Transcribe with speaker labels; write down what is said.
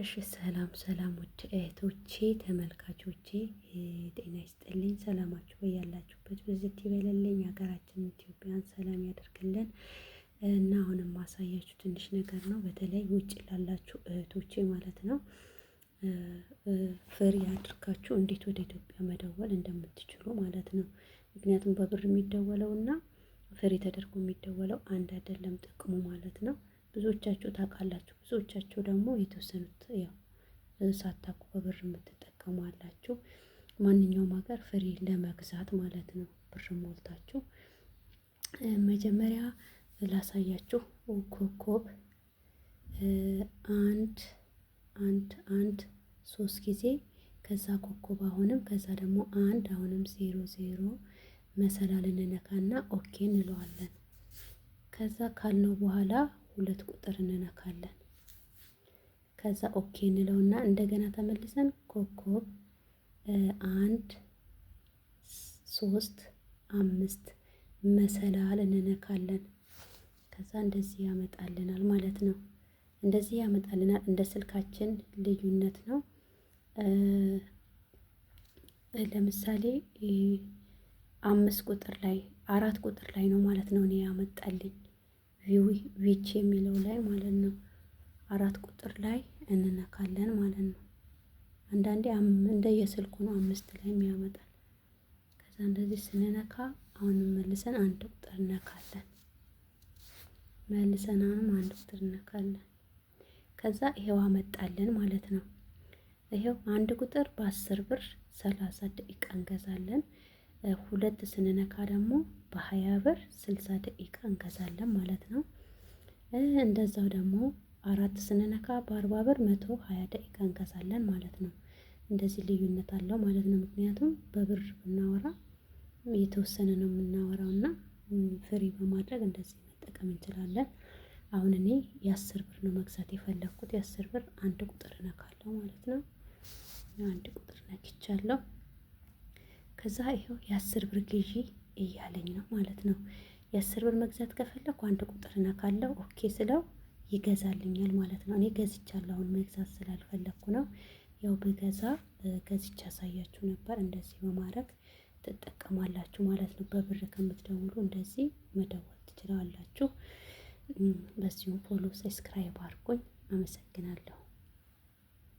Speaker 1: እሺ ሰላም ሰላም ውድ እህቶቼ ተመልካቾቼ ጤና ይስጥልኝ። ሰላማችሁ በያላችሁበት ብዝት ይበለልኝ። ሀገራችን ኢትዮጵያን ሰላም ያደርግልን እና አሁንም ማሳያችሁ ትንሽ ነገር ነው። በተለይ ውጭ ላላችሁ እህቶቼ ማለት ነው ፍሪ አድርጋችሁ እንዴት ወደ ኢትዮጵያ መደወል እንደምትችሉ ማለት ነው። ምክንያቱም በብር የሚደወለው እና ፍሪ ተደርጎ የሚደወለው አንድ አይደለም ጥቅሙ ማለት ነው። ብዙዎቻችሁ ታውቃላችሁ፣ ብዙዎቻችሁ ደግሞ የተወሰኑት ያው ሳታውቁ በብር የምትጠቀሙ አላችሁ። ማንኛውም ሀገር ፍሬ ለመግዛት ማለት ነው። ብር ሞልታችሁ መጀመሪያ ላሳያችሁ። ኮከብ አንድ አንድ አንድ ሶስት ጊዜ ከዛ ኮከብ አሁንም ከዛ ደግሞ አንድ አሁንም ዜሮ ዜሮ መሰላል እንነካና ኦኬ እንለዋለን። ከዛ ካልነው በኋላ ሁለት ቁጥር እንነካለን። ከዛ ኦኬ እንለውና እንደገና ተመልሰን ኮከብ አንድ ሶስት አምስት መሰላል እንነካለን። ከዛ እንደዚህ ያመጣልናል ማለት ነው። እንደዚህ ያመጣልናል። እንደ ስልካችን ልዩነት ነው። ለምሳሌ አምስት ቁጥር ላይ አራት ቁጥር ላይ ነው ማለት ነው እኔ ያመጣልኝ። ዊች የሚለው ላይ ማለት ነው። አራት ቁጥር ላይ እንነካለን ማለት ነው። አንዳንዴ እንደየስልኩ ነው አምስት ላይ የሚያመጣል። ከዛ እንደዚህ ስንነካ አሁንም መልሰን አንድ ቁጥር እነካለን። መልሰን አሁንም አንድ ቁጥር እነካለን። ከዛ ይሄው አመጣልን ማለት ነው። ይሄው አንድ ቁጥር በአስር ብር ሰላሳ ደቂቃ እንገዛለን። ሁለት ስንነካ ደግሞ በሀያ ብር ስልሳ ደቂቃ እንገዛለን ማለት ነው። እንደዛው ደግሞ አራት ስንነካ በአርባ ብር መቶ ሀያ ደቂቃ እንገዛለን ማለት ነው። እንደዚህ ልዩነት አለው ማለት ነው። ምክንያቱም በብር ብናወራ የተወሰነ ነው የምናወራው እና ፍሪ በማድረግ እንደዚህ መጠቀም እንችላለን። አሁን እኔ የአስር ብር ነው መግዛት የፈለግኩት። የአስር ብር አንድ ቁጥር እነካለሁ ማለት ነው። አንድ ቁጥር ነክቻለሁ። ከዛ ይኸው የአስር ብር ግዢ እያለኝ ነው ማለት ነው። የአስር ብር መግዛት ከፈለኩ አንድ ቁጥር ነካለው ኦኬ ስለው ይገዛልኛል ማለት ነው። እኔ ገዝቻለሁ፣ አሁን መግዛት ስላልፈለግኩ ነው። ያው ብገዛ ገዝቻ ያሳያችሁ ነበር። እንደዚህ በማድረግ ትጠቀማላችሁ ማለት ነው። በብር ከምትደውሉ እንደዚህ መደወል ትችላላችሁ። በዚሁም ፎሎ ሰብስክራይብ አድርጉኝ። አመሰግናለሁ።